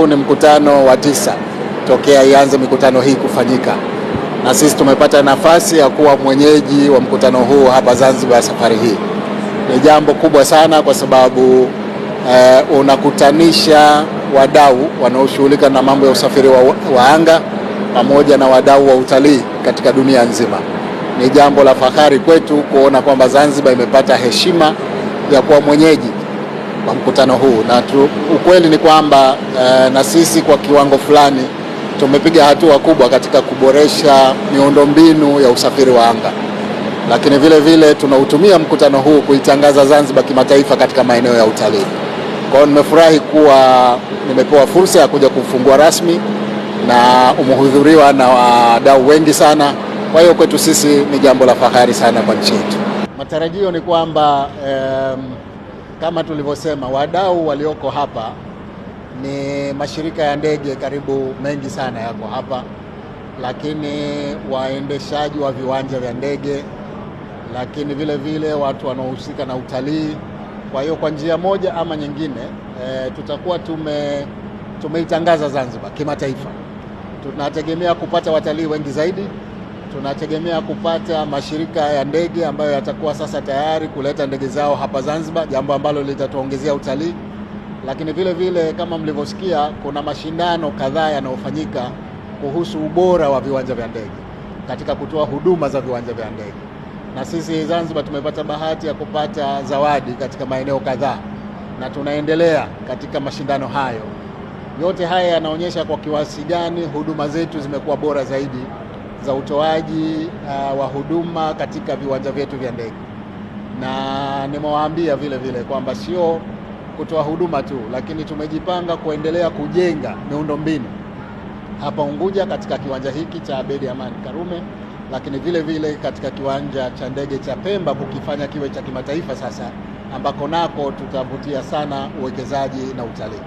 huu ni mkutano wa tisa tokea ianze mikutano hii kufanyika, na sisi tumepata nafasi ya kuwa mwenyeji wa mkutano huu hapa Zanzibar ya safari hii. Ni jambo kubwa sana kwa sababu eh, unakutanisha wadau wanaoshughulika na mambo ya usafiri wa, wa anga pamoja na wadau wa utalii katika dunia nzima. Ni jambo la fahari kwetu kuona kwamba Zanzibar imepata heshima ya kuwa mwenyeji wa mkutano huu na tu, ukweli ni kwamba e, na sisi kwa kiwango fulani tumepiga hatua kubwa katika kuboresha miundombinu ya usafiri wa anga, lakini vile vile tunautumia mkutano huu kuitangaza Zanzibar kimataifa katika maeneo ya utalii. Kwa hiyo nimefurahi kuwa nimepewa fursa ya kuja kufungua rasmi na umehudhuriwa na wadau wengi sana. Kwa hiyo kwetu sisi ni jambo la fahari sana kwa nchi yetu. Matarajio ni kwamba um, kama tulivyosema, wadau walioko hapa ni mashirika ya ndege karibu mengi sana yako hapa, lakini waendeshaji wa viwanja vya ndege, lakini vile vile watu wanaohusika na utalii. Kwa hiyo kwa njia moja ama nyingine e, tutakuwa tume tumeitangaza Zanzibar kimataifa. Tunategemea kupata watalii wengi zaidi tunategemea kupata mashirika ya ndege ambayo yatakuwa sasa tayari kuleta ndege zao hapa Zanzibar, jambo ambalo litatuongezea utalii. Lakini vile vile kama mlivyosikia, kuna mashindano kadhaa yanayofanyika kuhusu ubora wa viwanja vya ndege katika kutoa huduma za viwanja vya ndege, na sisi Zanzibar tumepata bahati ya kupata zawadi katika maeneo kadhaa, na tunaendelea katika mashindano hayo. Yote haya yanaonyesha kwa kiasi gani huduma zetu zimekuwa bora zaidi za utoaji uh, wa huduma katika viwanja vyetu vya ndege, na nimewaambia vile vile kwamba sio kutoa huduma tu, lakini tumejipanga kuendelea kujenga miundombinu hapa Unguja katika kiwanja hiki cha Abedi Amani Karume, lakini vile vile katika kiwanja cha ndege cha Pemba kukifanya kiwe cha kimataifa sasa, ambako nako tutavutia sana uwekezaji na utalii.